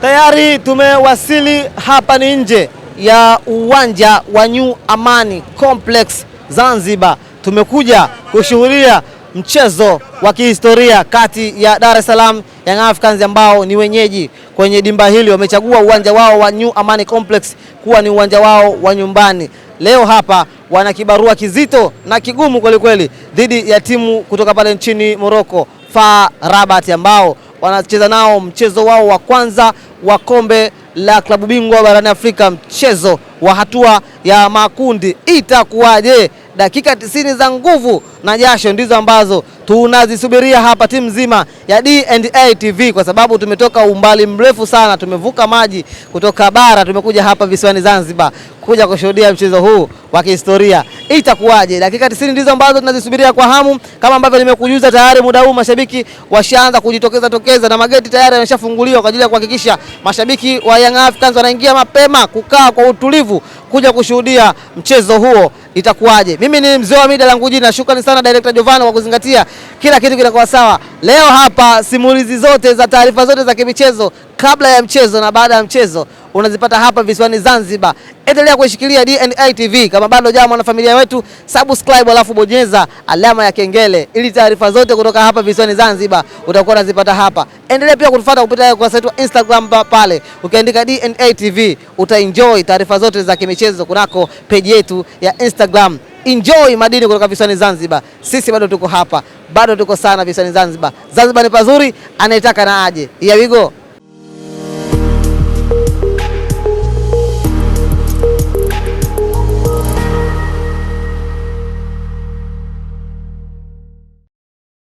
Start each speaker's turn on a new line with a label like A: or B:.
A: Tayari tumewasili hapa ni nje ya uwanja wa New Amani Complex Zanzibar. Tumekuja kushuhudia mchezo wa kihistoria kati ya Dar es Salaam Young Africans ambao ni wenyeji kwenye dimba hili, wamechagua uwanja wao wa New Amani Complex kuwa ni uwanja wao wa nyumbani. Leo hapa wana kibarua kizito na kigumu kwelikweli dhidi ya timu kutoka pale nchini Morocco, FAR Rabat ambao wanacheza nao mchezo wao wa kwanza wa kombe la klabu bingwa barani Afrika, mchezo wa hatua ya makundi. Itakuwaje? Dakika tisini za nguvu na jasho ndizo ambazo tunazisubiria hapa timu nzima ya D&A TV kwa sababu tumetoka umbali mrefu sana, tumevuka maji kutoka bara, tumekuja hapa visiwani Zanzibar kuja kushuhudia mchezo huu wa kihistoria. Itakuwaje? dakika 90 ndizo ambazo tunazisubiria kwa hamu. Kama ambavyo nimekujuza tayari, muda huu mashabiki washaanza kujitokeza tokeza, na mageti tayari yameshafunguliwa kwa ajili ya kuhakikisha mashabiki wa Young Africans wanaingia mapema kukaa kwa utulivu kuja kushuhudia mchezo huo itakuwaje? Mimi ni mzee wa mida langu jina. Shukrani sana Director Jovano kwa kuzingatia kila kitu kinakuwa sawa. Leo hapa simulizi zote za taarifa zote za kimichezo kabla ya mchezo na baada ya mchezo unazipata hapa visiwani Zanzibar. Endelea kuishikilia D&A TV kama bado jamaa na familia wetu, subscribe alafu bonyeza alama ya kengele ili taarifa zote kutoka hapa visiwani Zanzibar utakuwa unazipata hapa. Endelea pia kutufuata kupitia kwa site wa Instagram pale ukiandika D&A TV utaenjoy taarifa zote za kimichezo kunako page yetu ya Instagram. Enjoy madini kutoka visiwani Zanzibar. Sisi bado tuko hapa, bado tuko sana visiwani Zanzibar. Zanzibar ni pazuri, anayetaka na aje. Here we go.